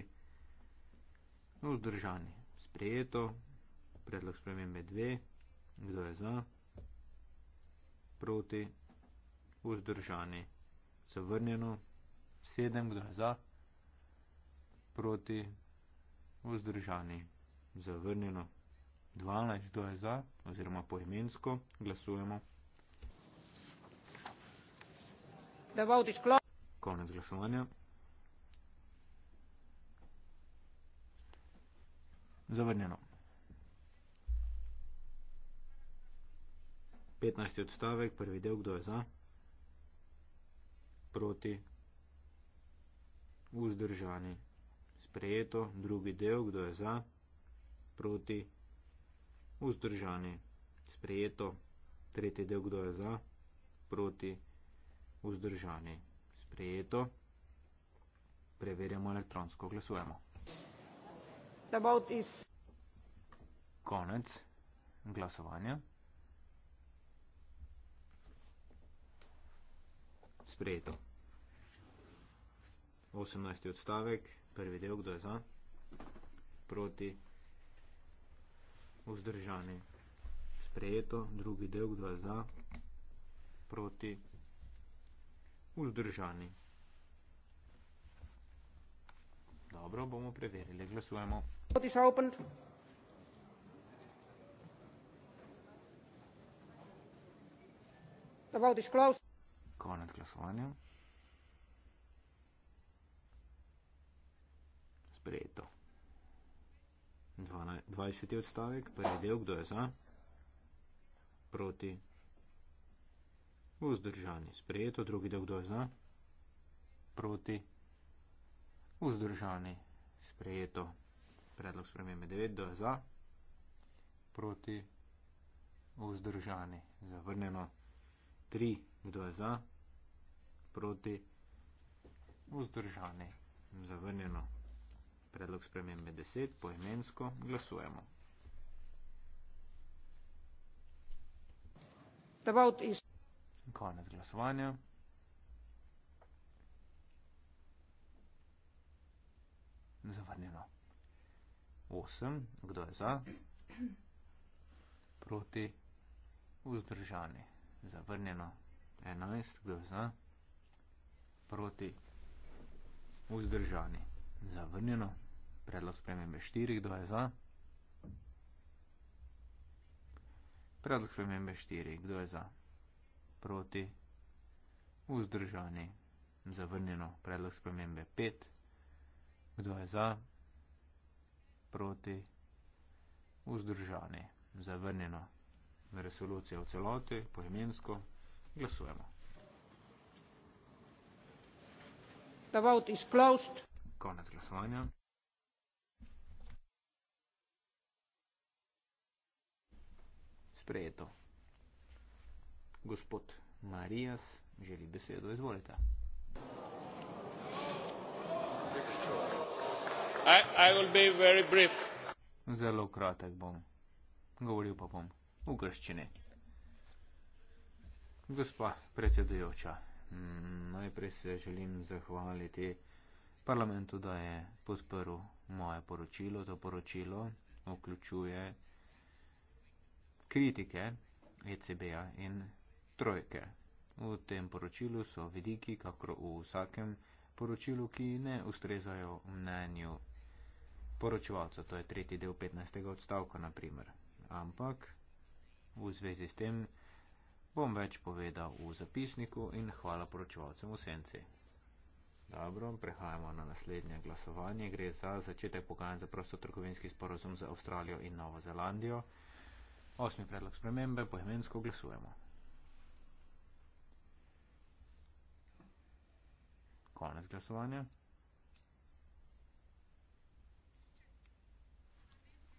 vzdržani, sprejeto. Predlog spremembe 2. Kdo je za? Proti, vzdržani vzdržani. Zavrnjeno, sedem, kdo je za, proti, vzdržani. Zavrnjeno, dvanajst, kdo je za, oziroma poimensko, glasujemo. Da bo vdiš klo. Konec glasovanja. Zavrnjeno. 15. odstavek, prvi del, kdo je za? proti, vzdržani, sprejeto, drugi del, kdo je za, proti, vzdržani, sprejeto, tretji del, kdo je za, proti, vzdržani, sprejeto, preverjamo elektronsko, glasujemo. Konec glasovanja. sprejeto. 18. odstavek, prvi del, kdo je za, proti, vzdržani. Sprejeto, drugi del, kdo je za, proti, vzdržani. Dobro, bomo preverili, glasujemo. The vote is closed konec glasovanja. Sprejeto. 20. odstavek, prvi del, kdo je za, proti, vzdržani. Sprejeto, drugi del, kdo je za, proti, vzdržani. Sprejeto, predlog spremembe 9, kdo je za, proti, vzdržani. Zavrneno, 3, kdo je za, proti, vzdržani proti vzdržani. Zavrnjeno predlog spremembe 10 poimensko glasujemo. Konec glasovanja. Zavrnjeno. 8. Kdo je za? Proti vzdržani. Zavrnjeno. 11. Kdo je za? Proti vzdržani proti vzdržani. Zavrnjeno. Predlog spremembe 4, kdo je za? Predlog spremembe 4, kdo je za? Proti vzdržani. Zavrnjeno. Predlog spremembe 5, kdo je za? Proti vzdržani. Zavrnjeno. Resolucija v celoti, poimensko, glasujemo. the vote is closed. Konec glasovanja. Sprejeto. Gospod Marijas želi besedo. Izvolite. I, I will be very brief. Zelo kratek bom. Govoril pa bom v grščini. Gospa predsedujoča, Najprej se želim zahvaliti parlamentu, da je podprl moje poročilo. To poročilo vključuje kritike ECB-ja in trojke. V tem poročilu so vidiki, kakor v vsakem poročilu, ki ne ustrezajo mnenju poročevalca. To je tretji del 15. odstavka, naprimer. Ampak v zvezi s tem bom več povedal v zapisniku in hvala poročevalcem v senci. Dobro, prehajamo na naslednje glasovanje. Gre za začetek pogajanj za prostotrgovinski sporozum za Avstralijo in Novo Zelandijo. Osmi predlog spremembe, pojmensko glasujemo. Konec glasovanja.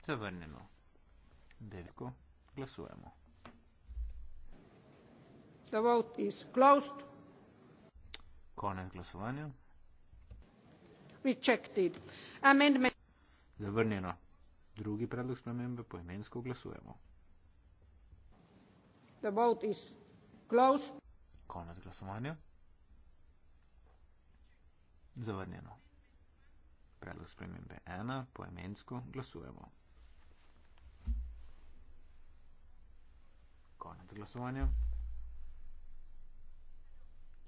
Zavrnjeno. Devko, glasujemo. The vote is closed. Konec glasovanja. Rejected. Amendment. Zavrnjeno. Drugi predlog spremembe poimensko glasujemo. The vote is closed. Konec glasovanja. Zavrnjeno. Predlog spremembe ena poimensko glasujemo. Konec glasovanja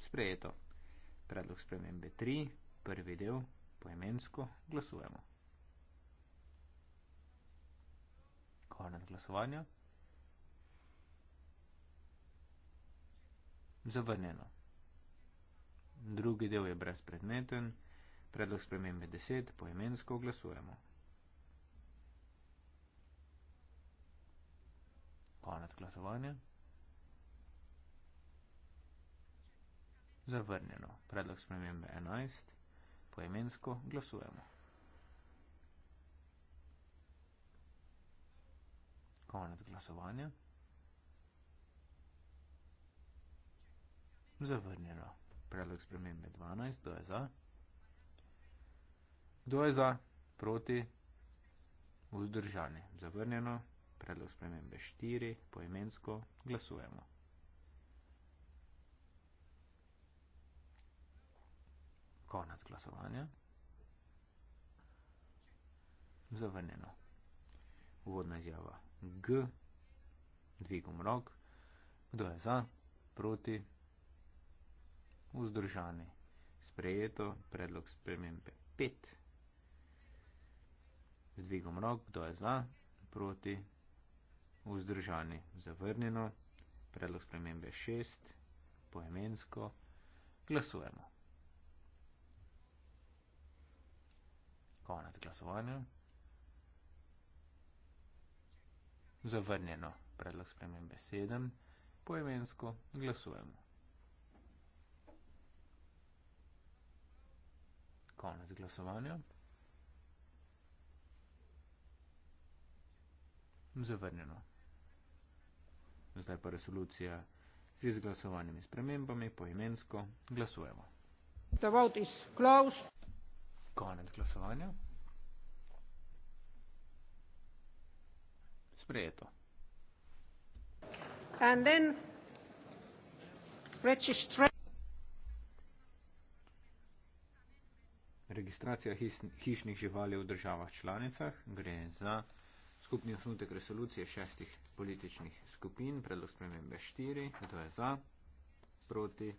sprejeto. Predlog spremembe 3, prvi del, poemensko, glasujemo. Konec glasovanja. Zavrnjeno. Drugi del je brezpredmeten. Predlog spremembe 10, poemensko, glasujemo. Konec glasovanja. zavrnjeno. Predlog spremembe 11. Poimensko glasujemo. Konec glasovanja. Zavrnjeno. Predlog spremembe 12. Kdo je za? Kdo je za? Proti? Vzdržani. Zavrnjeno. Predlog spremembe 4. Poimensko glasujemo. Konec glasovanja. Zavrnjeno. Uvodna izjava G. Dvigom rok. Kdo je za? Proti? Vzdržani. Sprejeto. Predlog spremembe 5. Z dvigom rok. Kdo je za? Proti? Vzdržani. Zavrnjeno. Predlog spremembe 6. Poemensko. Glasujemo. Konec glasovanja. Zavrnjeno predlog spremembe 7. Poemensko glasujemo. Konec glasovanja. Zavrnjeno. Zdaj pa resolucija z izglasovanimi spremembami poemensko glasujemo. Tavautis, klaus konec glasovanja. Sprejeto. And then Registracija his, hišnih živali v državah članicah gre za skupni osnutek resolucije šestih političnih skupin, predlog spremembe štiri, to je za, proti,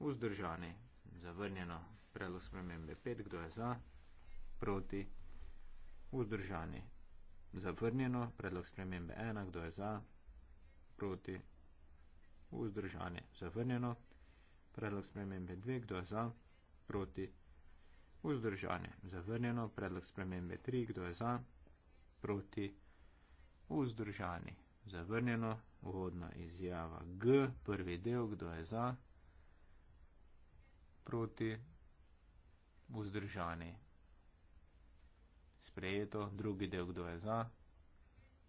vzdržani, zavrnjeno, predlog spremembe 5, kdo je za, proti, vzdržani, zavrnjeno, predlog spremembe 1, kdo je za, proti, vzdržani, zavrnjeno, predlog spremembe 2, kdo je za, proti, vzdržani, zavrnjeno, predlog spremembe 3, kdo je za, proti, vzdržani, zavrnjeno, uvodna izjava G, prvi del, kdo je za, proti, vzdržani, vzdržani. Sprejeto, drugi del, kdo je za,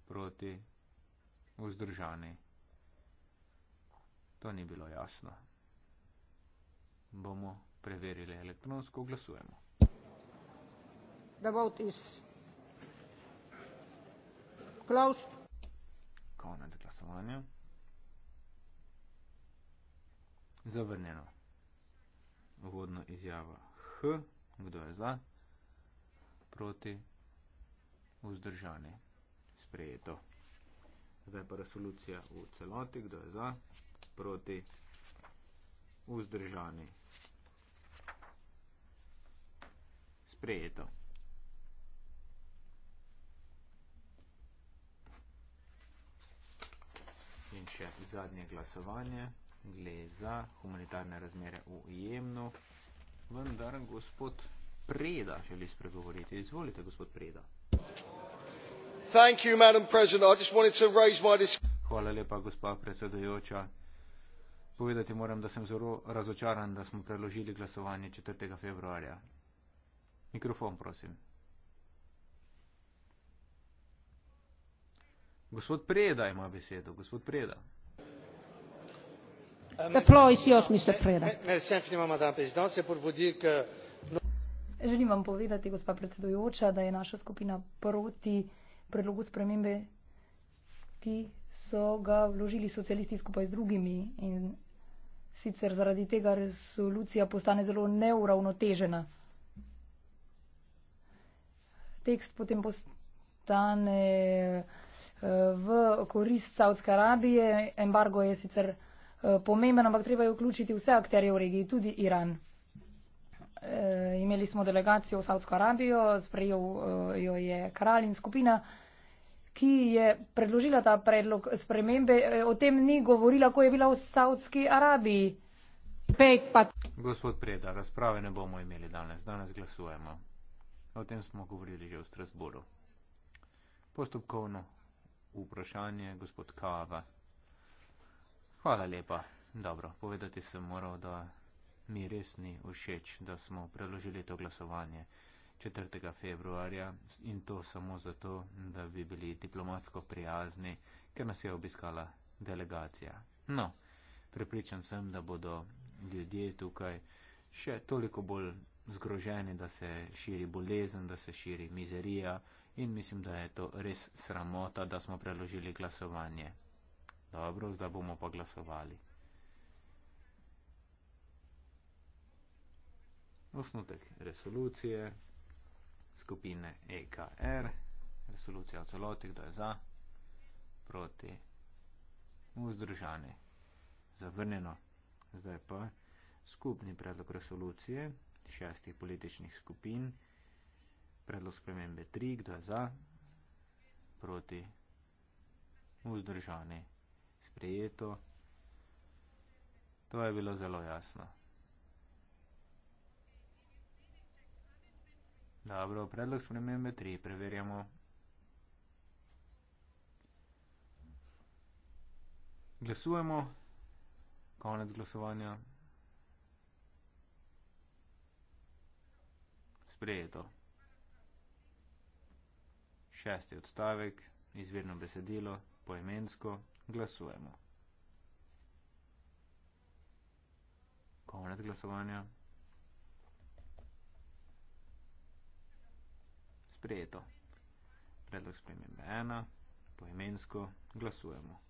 proti, vzdržani. To ni bilo jasno. Bomo preverili elektronsko, glasujemo. Konec glasovanja. Zavrnjeno. Uvodno izjava H, kdo je za, proti, vzdržani, sprejeto. Zdaj pa resolucija v celoti, kdo je za, proti, vzdržani, sprejeto. In še zadnje glasovanje, gleda za humanitarne razmere v Jemnu vendar gospod Preda želi spregovoriti. Izvolite, gospod Preda. You, Hvala lepa, gospod predsedujoča. Povedati moram, da sem zelo razočaran, da smo preložili glasovanje 4. februarja. Mikrofon, prosim. Gospod Preda ima besedo. Gospod Preda. Um, želim vam povedati gospa predsedujoča da je naša skupina proti predlogu spremembe ki so ga vložili socialisti skupaj z drugimi in sicer zaradi tega resolucija postane zelo neuravnotežena tekst potem postane eh, v korist savdske arabije embargo je sicer Eh, pomemben, ampak treba je vključiti vse akterje v regiji, tudi Iran. Eh, imeli smo delegacijo v Saudsko Arabijo, sprejel eh, jo je kralj in skupina, ki je predložila ta predlog spremembe. O tem ni govorila, ko je bila v Saudski Arabiji. Gospod Preda, razprave ne bomo imeli danes. Danes glasujemo. O tem smo govorili že v Strasboru. Postopkovno vprašanje, gospod Kava. Hvala lepa. Dobro, povedati sem moral, da mi res ni všeč, da smo preložili to glasovanje 4. februarja in to samo zato, da bi bili diplomatsko prijazni, ker nas je obiskala delegacija. No, prepričan sem, da bodo ljudje tukaj še toliko bolj zgroženi, da se širi bolezen, da se širi mizerija in mislim, da je to res sramota, da smo preložili glasovanje. Dobro, zdaj bomo pa glasovali. Osnutek resolucije skupine EKR, resolucija v celoti, kdo je za, proti, vzdržane, zavrnjeno. Zdaj pa skupni predlog resolucije šestih političnih skupin, predlog spremembe 3, kdo je za, proti, vzdržane, zavrnjeno sprejeto. To je bilo zelo jasno. Dobro, predlog spremembe 3 preverjamo. Glasujemo. Konec glasovanja. Sprejeto. Šesti odstavek, izvirno besedilo, poemensko, glasujemo. Konec glasovanja. Sprejeto. Predlog spremembe 1. Poimensko glasujemo.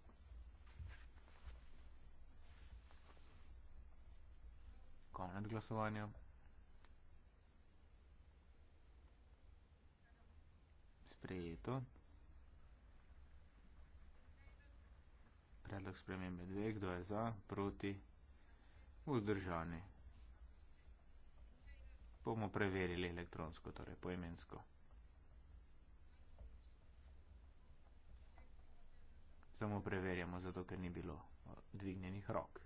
Konec glasovanja. Sprejeto. Sprejeto. predlog spremembe dve, kdo je za, proti, vzdržani. Bomo preverili elektronsko, torej poimensko. Samo preverjamo, zato ker ni bilo eh, dvignjenih rok.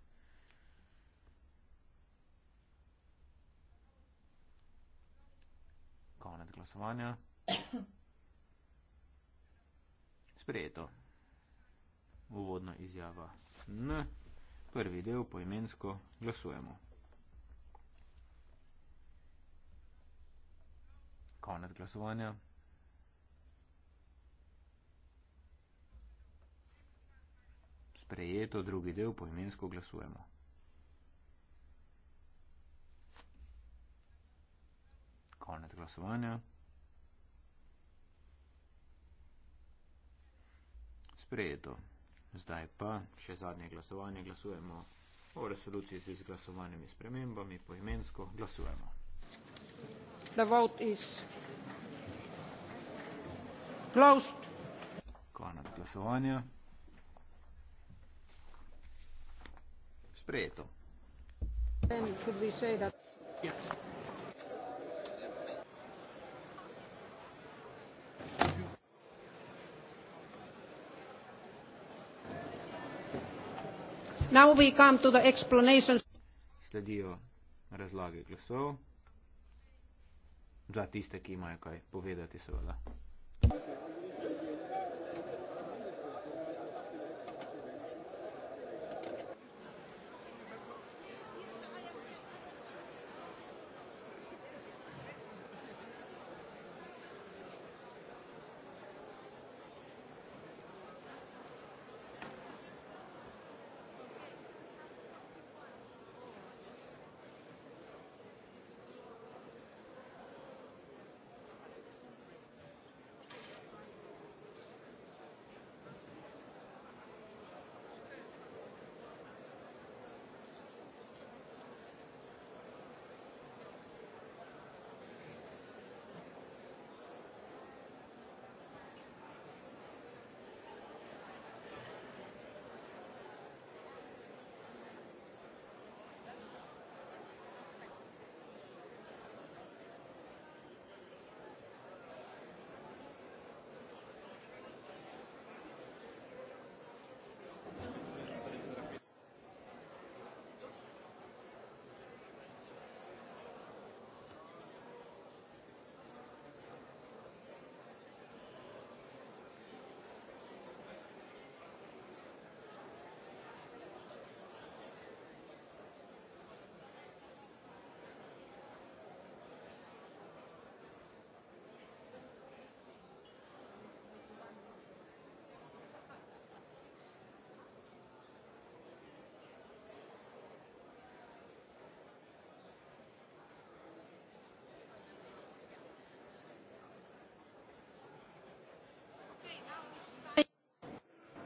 Konec glasovanja. <coughs> Sprejeto uvodna izjava N. Prvi del poimensko glasujemo. Konec glasovanja. Sprejeto drugi del poimensko glasujemo. Konec glasovanja. Sprejeto. Zdaj pa, še zadnje glasovanje, glasujemo o resoluciji z izglasovanimi spremembami, poimensko glasujemo. Konec glasovanja. Sprejeto. Then should we say that? Yes. Sledijo razlage glasov. Za tiste, ki imajo kaj povedati, seveda.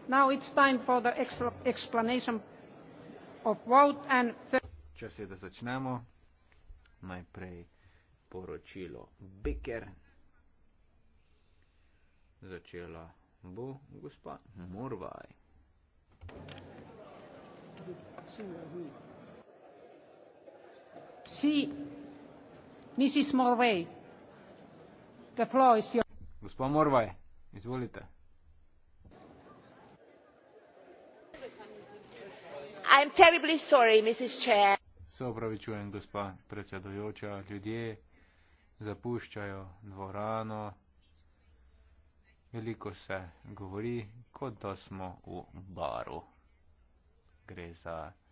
now it's time for the explanation of vote and Če se da začnemo najprej poročilo Becker začela bo gospa Morvaj. Si, Mrs. Morvaj, the floor is your... Gospa Morvaj, izvolite. se opravičujem gospa predsedujoča ljudje zapuščajo dvorano veliko se govori kot da smo v baru gre za